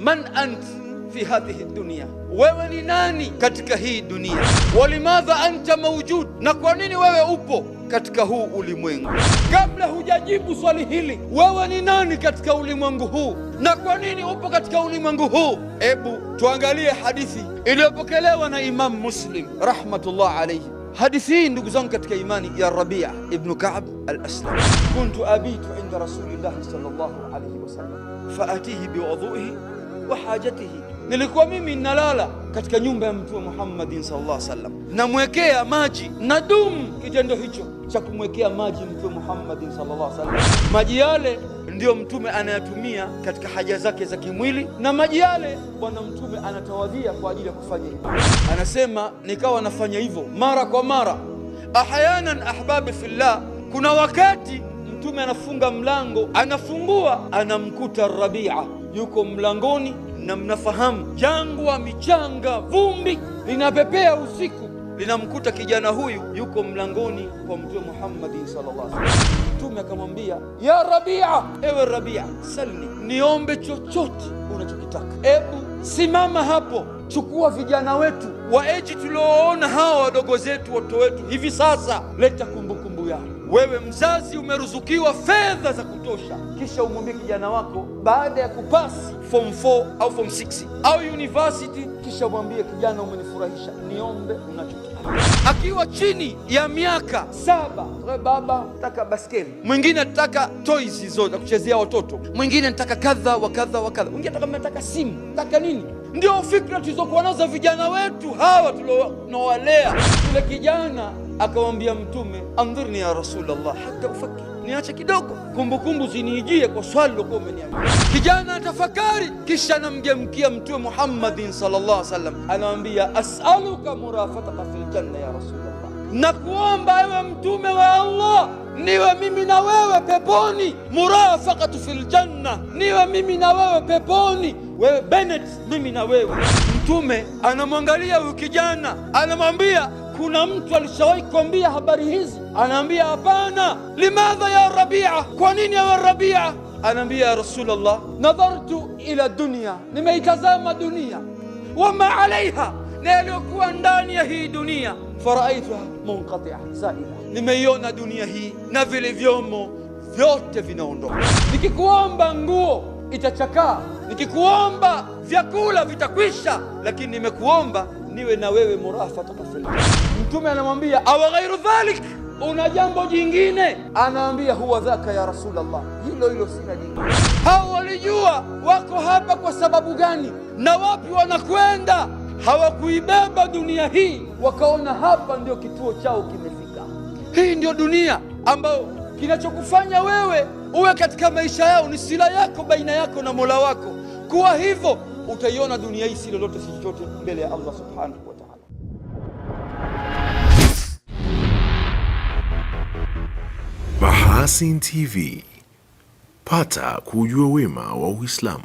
man ant fi hadhihi dunia, wewe ni nani katika hii dunia? Walimadha anta maujud, na kwa nini wewe upo katika huu ulimwengu? Kabla hujajibu swali hili, wewe ni nani katika ulimwengu huu na kwa nini upo katika ulimwengu huu? Ebu tuangalie hadithi iliyopokelewa na Imamu Muslim rahmatullah alayhi. Hadithi hii ndugu zangu katika imani ya Rabia ibnu Kab al-Aslami, kuntu abitu inda rasulillahi sallallahu alayhi wasallam faatihi biwudhuihi wa hajatihi. Nilikuwa mimi nalala katika nyumba ya Mtume Muhammadin sallallahu alaihi wasallam, namwekea maji na dumu kitendo hicho cha kumwekea maji Mtume Muhammadin sallallahu alaihi wasallam. Maji yale ndiyo Mtume anayatumia katika haja zake za kimwili, na maji yale Bwana Mtume anatawadhia kwa ajili ya kufanya hivyo. Anasema nikawa nafanya hivyo mara kwa mara, ahyanan ahbabi fillah, kuna wakati Mtume anafunga mlango, anafungua, anamkuta Rabia yuko mlangoni na mnafahamu jangwa, michanga, vumbi linapepea usiku, linamkuta kijana huyu yuko mlangoni kwa Mtume Muhammad sallallahu alaihi wasallam. Mtume akamwambia ya Rabia, ewe Rabia, salni, niombe chochote unachokitaka. Ebu simama hapo, chukua vijana wetu waeji tulioona hawa wadogo zetu, watoto wetu hivi sasa, leta kumbukumbu Haleluya. Wewe mzazi umeruzukiwa fedha za kutosha, kisha umwambie kijana wako baada ya kupasi form 4 au form 6 au university, kisha umwambie kijana, umenifurahisha, niombe unachotaka. Akiwa chini ya miaka saba, we baba, nataka baskeli, mwingine nataka toys hizo za kuchezea watoto, mwingine nataka kadha wa kadha wa kadha, mwingine nataka simu, nataka nini ndio fikra tulizokuwa nazo za vijana wetu hawa tunaowalea. Yule kijana akamwambia Mtume, andhirni ya Rasulullah hata ufakir, niache kidogo, kumbukumbu ziniijie kwa swali lokuwa umeniambia. Kijana atafakari, kisha anamgemkia Mtume Muhammadin sallallahu alaihi wasallam, anamwambia asaluka murafataka fil janna ya Rasulullah, na kuomba ewe Mtume wa Allah niwe mimi na wewe peponi. murafakatu fil janna, niwe mimi na wewe peponi. Wewe Bennett, mimi na wewe. Mtume anamwangalia huyu kijana, anamwambia kuna mtu alishawahi kuambia habari hizi? Anaambia hapana. Limadha ya Rabia, kwa nini ya Rabia? Anaambia ya Rasulullah, nadhartu ila dunya, nimeitazama dunia, wama alaiha, na yaliyokuwa ndani ya hii dunia, faraaituha munqatia zaila, nimeiona dunia hii na vilivyomo vyote vinaondoka. Nikikuomba nguo itachakaa, nikikuomba vyakula vitakwisha, lakini nimekuomba niwe na wewe murafata fil Mtume anamwambia awa ghairu dhalik, una jambo jingine? Anaambia huwa dhaka ya Rasulullah, hilo hilo sina jingine. Hao walijua wako hapa kwa sababu gani na wapi wanakwenda, hawakuibeba dunia hii, wakaona hapa ndio kituo chao kimefika. Hii ndio dunia ambayo kinachokufanya wewe uwe katika maisha yao ni sila yako baina yako na Mola wako, kuwa hivyo utaiona dunia hii si lolote si chochote mbele ya Allah subhanahu wa ta'ala. Bahasin TV, pata kujua wema wa Uislamu.